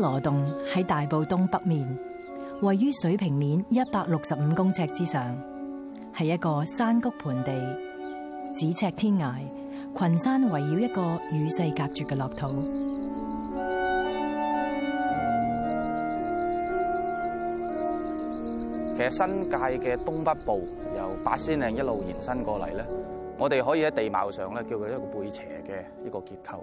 羅洞喺大埔東北面，位於水平面一百六十五公尺之上，係一個山谷盆地，咫尺天涯，群山圍繞一個與世隔絕嘅樂土。其實新界嘅東北部由八仙嶺一路延伸過嚟咧，我哋可以喺地貌上咧叫佢一個背斜嘅一個結構。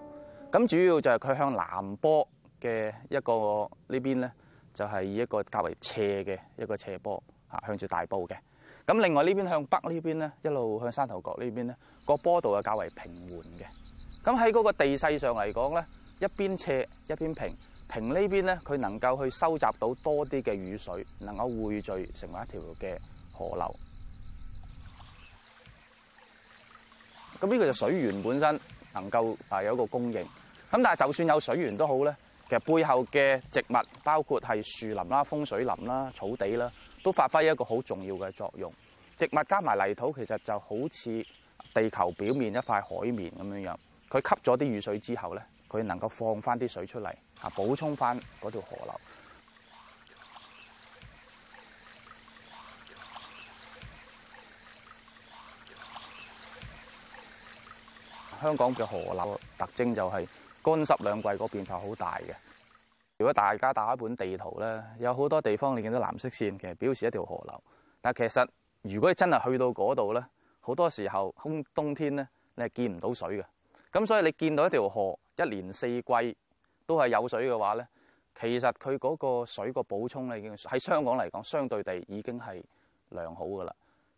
咁主要就係佢向南坡。嘅一個呢邊呢，就係以一個較為斜嘅一個斜坡啊，向住大埔嘅。咁另外呢邊向北呢邊呢，一路向山頭角呢邊呢，個坡度係較為平緩嘅。咁喺嗰個地勢上嚟講呢，一邊斜一邊平，平呢邊呢，佢能夠去收集到多啲嘅雨水，能夠匯聚成為一條嘅河流。咁呢個就水源本身能夠啊有一個供應。咁但係就算有水源都好呢。其實背後嘅植物包括係樹林啦、風水林啦、草地啦，都發揮一個好重要嘅作用。植物加埋泥土，其實就好似地球表面一塊海綿咁樣樣。佢吸咗啲雨水之後呢，佢能夠放翻啲水出嚟，吓，補充翻嗰條河流。香港嘅河流的特徵就係、是。乾濕兩季嗰邊就好大嘅。如果大家打一本地圖咧，有好多地方你見到藍色線，其實表示一條河流。但其實，如果你真係去到嗰度咧，好多時候冬冬天咧，你係見唔到水嘅。咁所以你見到一條河，一年四季都係有水嘅話咧，其實佢嗰個水個補充咧，已經喺香港嚟講相對地已經係良好噶啦。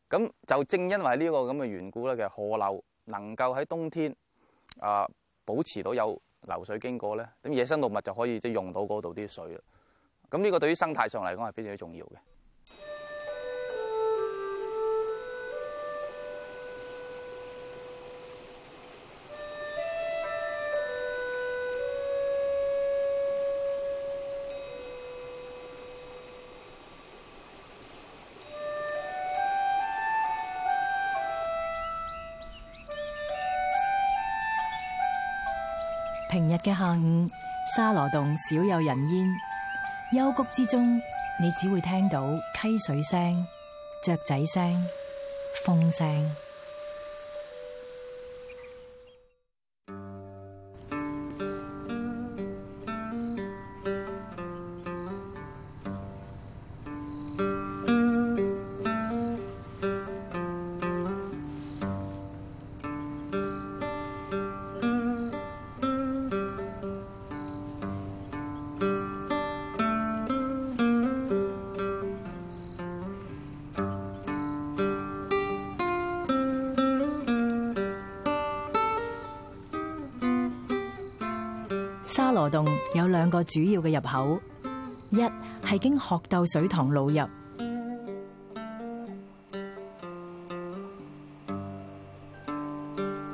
咁就正因為呢個咁嘅緣故咧，其實河流能夠喺冬天啊，保持到有，流水經過咧，咁野生動物就可以即係用到嗰度啲水啦。咁、這、呢個對於生態上嚟講係非常之重要嘅。嘅下午，沙羅洞少有人煙，幽谷之中，你只會聽到溪水聲、雀仔聲、風聲。有兩個主要嘅入口，一係經鶴藪水塘路入，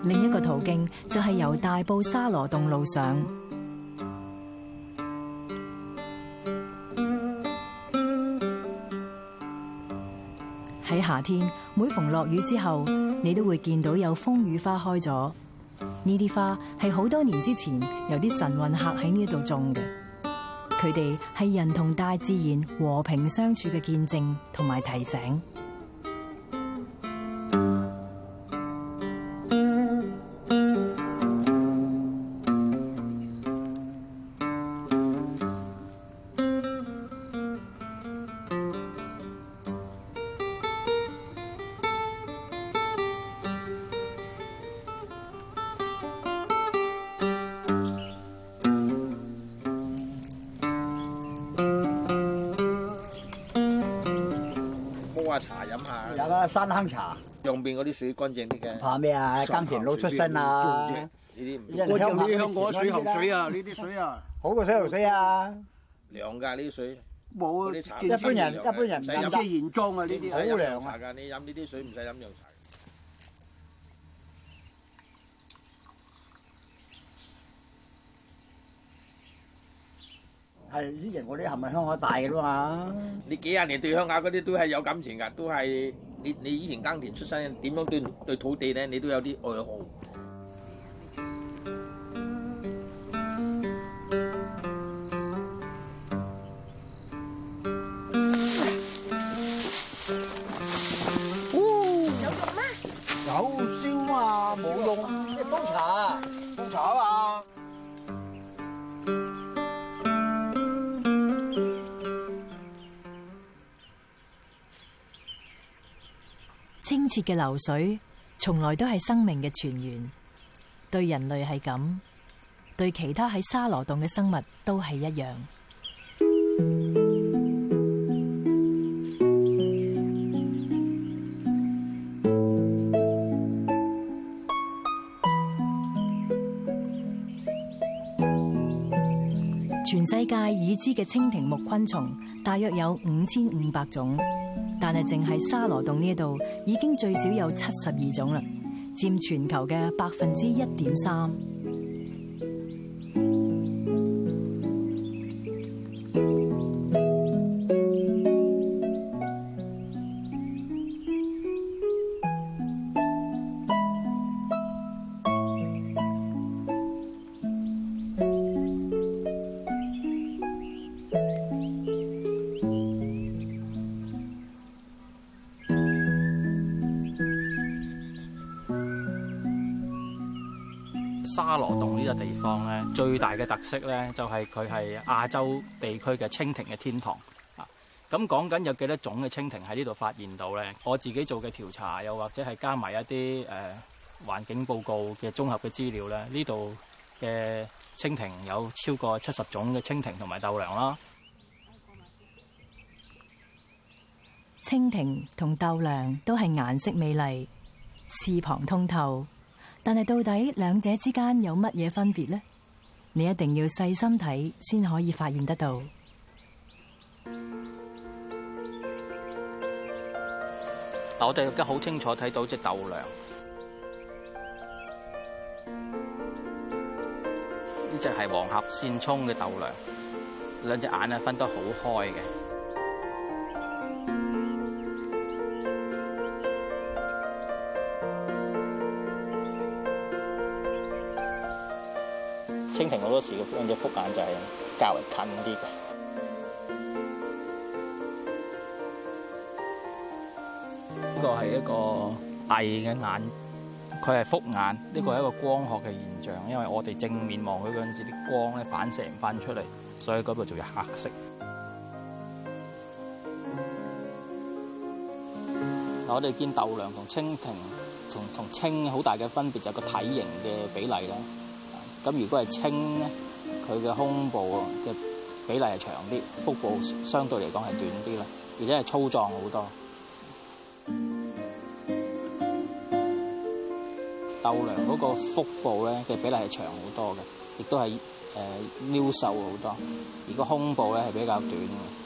另一個途徑就係由大埔沙羅洞路上。喺夏天，每逢落雨之後，你都會見到有風雨花開咗。呢啲花係好多年之前由啲神韻客喺呢度種嘅，佢哋係人同大自然和平相處嘅見證同埋提醒。茶飲下，有啊山坑茶，用邊啲水乾淨啲嘅。怕咩啊？耕田佬出身啊！呢啲唔香香港水喉水啊！呢啲水啊，好過水喉水啊！涼㗎呢啲水，冇啊！一般人一般人唔使飲啲現裝啊！呢啲好涼啊！飲茶㗎，你飲呢啲水唔使飲涼茶。係啲人嗰啲係咪鄉下大嘅啦嘛？你幾廿年對鄉下啲都係有感情㗎，都係你你以前耕田出身，點樣對對土地咧？你都有啲愛好。嘅流水從來都係生命嘅泉源，對人類係咁，對其他喺沙羅洞嘅生物都係一樣。全世界已知嘅蜻蜓目昆蟲大約有五千五百種。但係，淨係沙羅洞呢度已經最少有七十二種啦，佔全球嘅百分之一點三。沙羅洞呢個地方咧，最大嘅特色咧，就係佢係亞洲地區嘅蜻蜓嘅天堂啊！咁講緊有幾多種嘅蜻蜓喺呢度發現到呢？我自己做嘅調查，又或者係加埋一啲誒環境報告嘅綜合嘅資料咧，呢度嘅蜻蜓有超過七十種嘅蜻蜓同埋豆娘啦。蜻蜓同豆娘都係顏色美麗，翅膀通透。但係到底兩者之間有乜嘢分別呢？你一定要細心睇，先可以發現得到。嗱，我哋而家好清楚睇到隻豆娘，呢隻係黃狹扇蟌嘅豆娘，兩隻眼啊分得好開嘅。蜻蜓好多時嘅嗰隻複眼就係較為近啲嘅。呢個係一個大嘅眼，佢係複眼。呢個係一個光學嘅現象，因為我哋正面望佢嗰陣時，啲光咧反射唔翻出嚟，所以嗰度仲係黑色。我哋見豆娘同蜻蜓同同青好大嘅分別就係個體型嘅比例啦。咁如果係青咧，佢嘅胸部嘅比例係長啲，腹部相對嚟講係短啲啦，而且係粗壯好多。豆娘嗰個腹部咧嘅比例係長好多嘅，亦都係誒幼瘦好多，而個胸部咧係比較短嘅。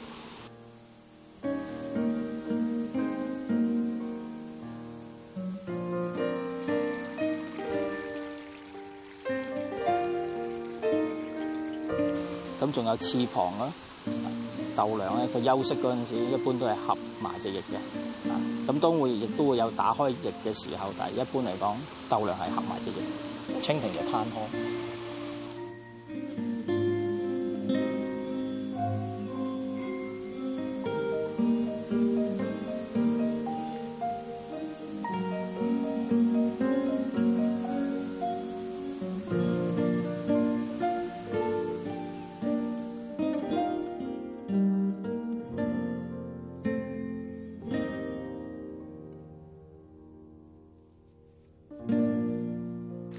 仲有翅膀啊，豆娘咧，佢休息嗰陣時，一般都係合埋隻翼嘅。啊。咁都會亦都會有打開翼嘅時候，但係一般嚟講，豆娘係合埋隻翼，蜻蜓就攤開。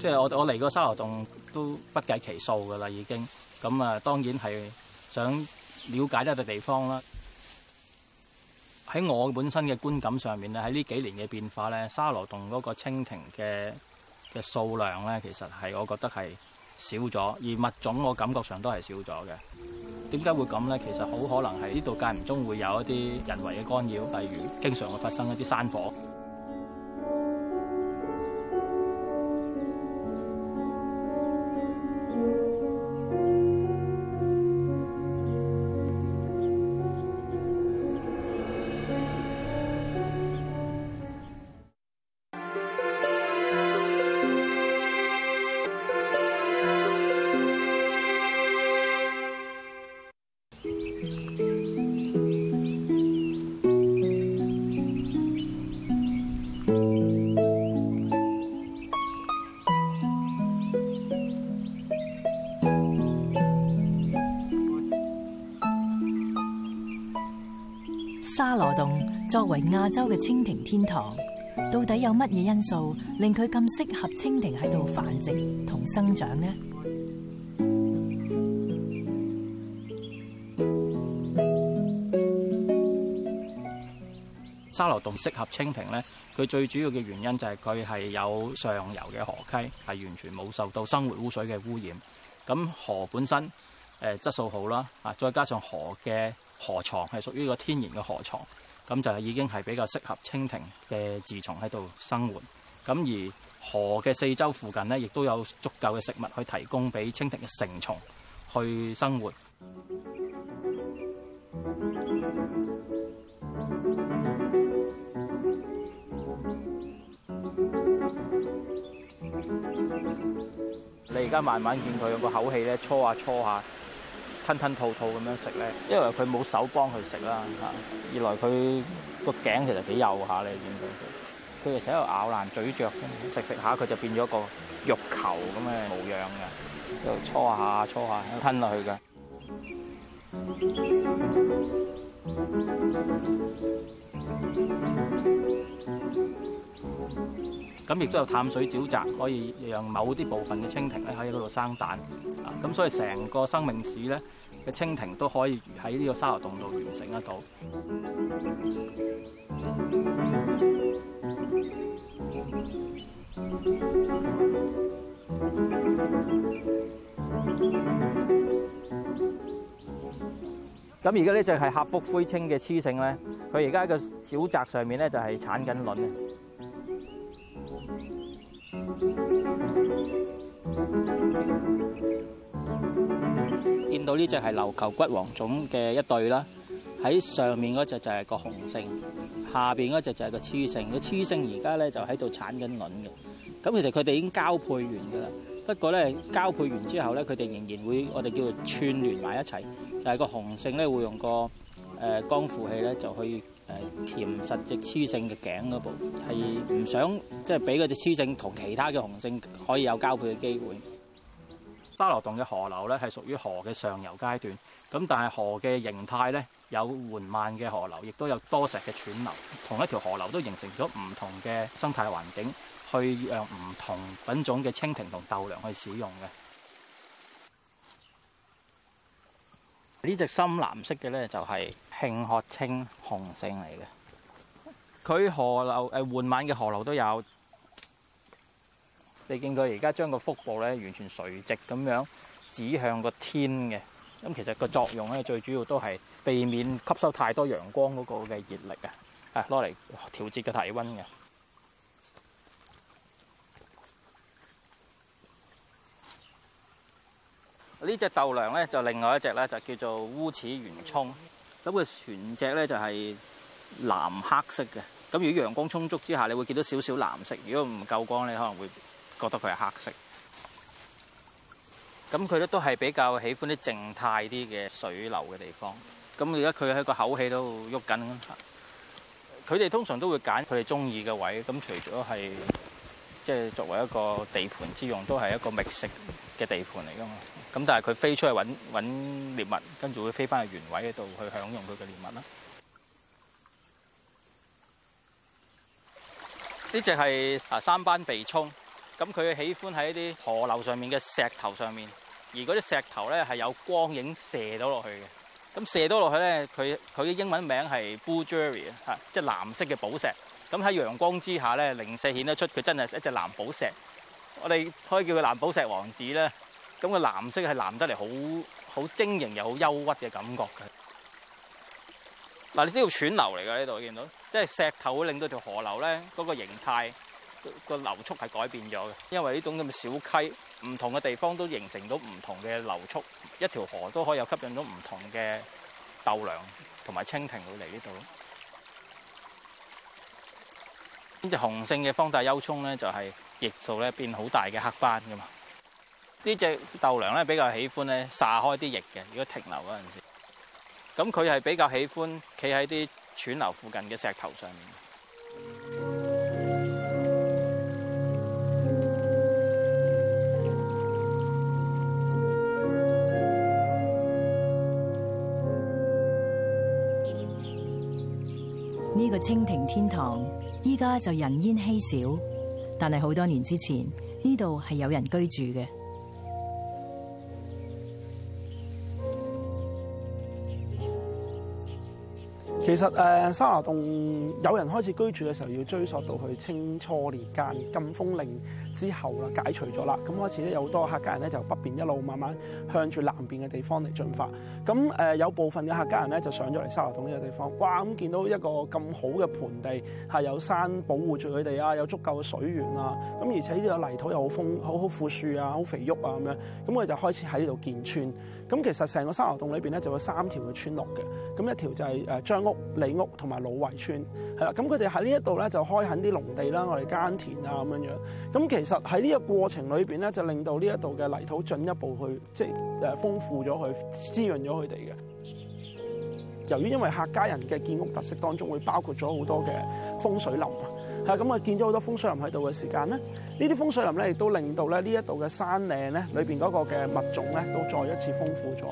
即係我我嚟過沙羅洞都不計其數㗎喇，已經咁啊，當然係想了解一笪地方啦。喺我本身嘅觀感上面咧，喺呢幾年嘅變化咧，沙羅洞嗰個蜻蜓嘅嘅數量咧，其實係我覺得係少咗，而物種我感覺上都係少咗嘅。點解會咁咧？其實好可能係呢度間唔中會有一啲人為嘅干擾，例如經常會發生一啲山火。作為亞洲嘅蜻蜓天堂，到底有乜嘢因素令佢咁適合蜻蜓喺度繁殖同生長呢？沙羅洞適合蜻蜓呢，佢最主要嘅原因就係佢係有上游嘅河溪，係完全冇受到生活污水嘅污染。咁河本身誒、呃、質素好啦啊，再加上河嘅河床係屬於個天然嘅河床。咁就已經係比較適合蜻蜓嘅幼蟲喺度生活。咁而河嘅四周附近呢，亦都有足夠嘅食物去提供俾蜻蜓嘅成蟲去生活。你而家慢慢見佢用個口氣咧、啊啊，搓下搓下。吞吞吐吐咁樣食咧，因為佢冇手幫佢食啦，嚇；二來佢個頸其實幾幼下，你見到佢就且又咬爛咀嚼，食食下佢就變咗個肉球咁嘅模樣嘅，喺度搓下搓下，搓下搓下吞落去嘅。 咁亦都有淡水沼澤，可以讓某啲部分嘅蜻蜓咧喺嗰度生蛋。啊，咁所以成個生命史咧嘅蜻蜓都可以喺呢個沙羅洞度完成得到。咁而家呢隻係狹腹灰蜻嘅雌性咧，佢而家喺個沼澤上面咧就係產緊卵嘅。看到呢隻係琉球骨黃種嘅一對啦，喺上面嗰隻就係個雄性，下邊嗰隻就係個雌性。個雌性而家咧就喺度產緊卵嘅。咁其實佢哋已經交配完噶啦，不過咧交配完之後咧，佢哋仍然會我哋叫做串聯埋一齊。就係、是、個雄性咧會用個誒、呃、肛附器咧就去誒鉗實隻雌性嘅頸嗰部，係唔想即係俾嗰隻雌性同其他嘅雄性可以有交配嘅機會。沙羅洞嘅河流咧係屬於河嘅上游階段，咁但係河嘅形態咧有緩慢嘅河流，亦都有多石嘅湍流，同一條河流都形成咗唔同嘅生態環境，去讓唔同品種嘅蜻蜓同豆娘去使用嘅。呢隻深藍色嘅咧就係慶鶴青紅蟌嚟嘅，佢河流誒緩慢嘅河流都有。你見佢而家將個腹部咧完全垂直咁樣指向個天嘅，咁其實個作用咧最主要都係避免吸收太多陽光嗰個嘅熱力啊，係攞嚟調節個體温嘅。呢隻豆娘咧就另外一隻咧，就叫做烏齒圓葱。咁佢全隻咧就係藍黑色嘅。咁如果陽光充足之下，你會見到少少藍色；如果唔夠光，你可能會覺得佢係黑色，咁佢咧都係比較喜歡啲靜態啲嘅水流嘅地方。咁而家佢喺個口氣都喐緊。佢哋通常都會揀佢哋中意嘅位。咁除咗係即係作為一個地盤之用，都係一個覓食嘅地盤嚟㗎嘛。咁但係佢飛出去揾揾獵物，跟住會飛翻去原位嗰度去享用佢嘅獵物啦。呢隻係啊三斑鼻蟌。咁佢喜歡喺一啲河流上面嘅石頭上面，而嗰啲石頭咧係有光影射到落去嘅。咁射到落去咧，佢佢嘅英文名係 Bluejerry 啊，即係藍色嘅寶石。咁喺陽光之下咧，零舍顯得出佢真係一隻藍寶石。我哋可以叫佢藍寶石王子咧。咁個藍色係藍得嚟好好晶瑩又好憂鬱嘅感覺嘅。嗱，你呢度斷流嚟嘅呢度，見到？即係石頭會令到條河流咧嗰、那個形態。個流速係改變咗嘅，因為呢種咁嘅小溪，唔同嘅地方都形成到唔同嘅流速，一條河都可以有吸引到唔同嘅豆娘同埋蜻蜓會嚟呢度。呢隻雄性嘅方帶幽蟌呢，就係翼數咧變好大嘅黑斑㗎嘛。呢隻豆娘呢，比較喜歡呢，撒開啲翼嘅，如果停留嗰陣時候。咁佢係比較喜歡企喺啲湍流附近嘅石頭上面。呢個蜻蜓天堂，依家就人煙稀少，但係好多年之前，呢度係有人居住嘅。其實誒，沙、呃、羅洞有人開始居住嘅時候，要追溯到去清初年間禁封令之後啦，解除咗啦，咁開始咧有好多客家人咧就北邊一路慢慢向住南邊嘅地方嚟進發。咁誒、呃，有部分嘅客家人咧就上咗嚟沙羅洞呢個地方，哇！咁、嗯、見到一個咁好嘅盆地，係、啊、有山保護住佢哋啊，有足夠嘅水源啊，咁而且呢啲泥土又好豐，好好富庶啊，好肥沃啊咁樣，咁佢就開始喺呢度建村。咁其實成個沙羅洞裏邊咧就有三條嘅村落嘅，咁一條就係誒張李屋同埋老圍村，係啦，咁佢哋喺呢一度咧就開墾啲農地啦，我哋耕田啊咁樣樣。咁其實喺呢個過程裏邊咧，就令到呢一度嘅泥土進一步去，即係誒豐富咗去滋潤咗佢哋嘅。由於因為客家人嘅建屋特色當中會包括咗好多嘅風水林啊，係咁啊，見咗好多風水林喺度嘅時間咧，呢啲風水林咧亦都令到咧呢一度嘅山嶺咧裏邊嗰個嘅物種咧都再一次豐富咗。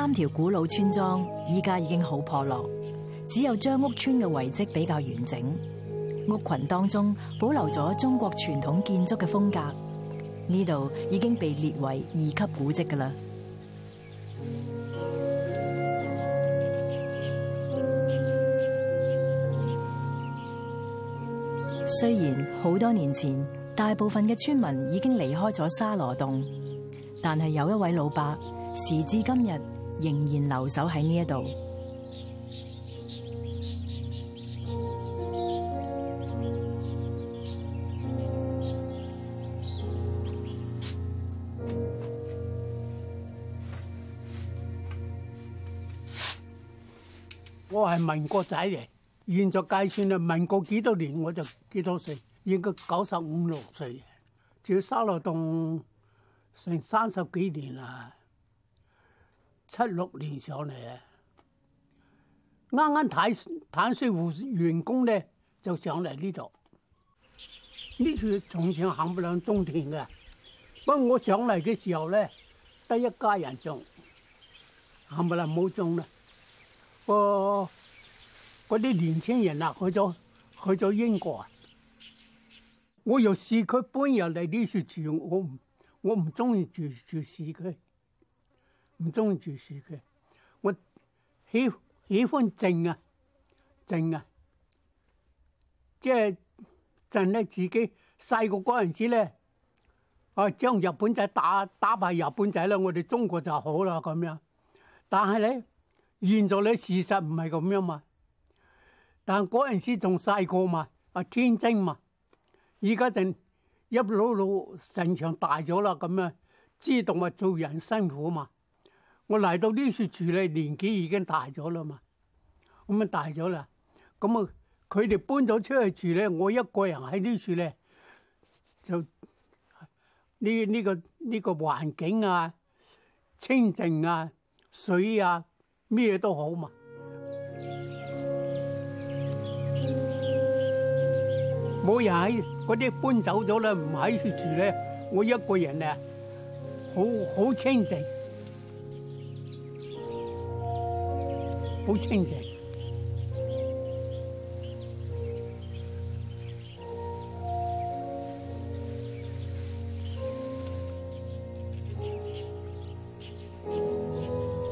三條古老村莊依家已經好破落，只有張屋村嘅遺跡比較完整。屋群當中保留咗中國傳統建築嘅風格，呢度已經被列為二級古蹟㗎喇。雖然好多年前大部分嘅村民已經離開咗沙羅洞，但係有一位老伯，時至今日，仍然留守喺呢一度。我係民國仔嚟，現在計算啊，民國幾多年我就幾多歲，應該九十五六歲，住沙羅洞成三十幾年啦。七六年上嚟啊，啱啱探淡水湖員工咧就上嚟呢度。呢處從前冚唪唥種田嘅，不過我上嚟嘅時候咧，得一家人種，冚唪唥冇種啦？個嗰啲年輕人啊，去咗去咗英國。我由市區搬入嚟呢處住，我唔我唔中意住住市區。唔中意住市嘅，我喜喜歡靜啊，靜啊，即係靜咧。自己細個嗰陣時咧，啊將日本仔打打敗，日本仔咧，我哋中國就好啦。咁樣，但係咧，現在咧事實唔係咁樣嘛。但嗰陣時仲細個嘛，啊天真嘛。而家陣一老老成長大咗啦，咁樣，知道咪做人辛苦嘛？我嚟到呢處住咧，年紀已經大咗啦嘛，咁啊大咗啦，咁啊佢哋搬咗出去住咧，我一個人喺呢處咧就呢呢、呢個呢、呢個環境啊，清淨啊，水啊咩都好嘛。冇人喺嗰啲搬走咗啦，唔喺處住咧，我一個人啊，好好清淨。好清靜，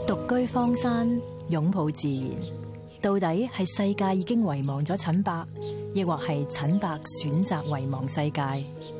獨居荒山，擁抱自然。到底係世界已經遺忘咗陳伯，亦或係陳伯選擇遺忘世界？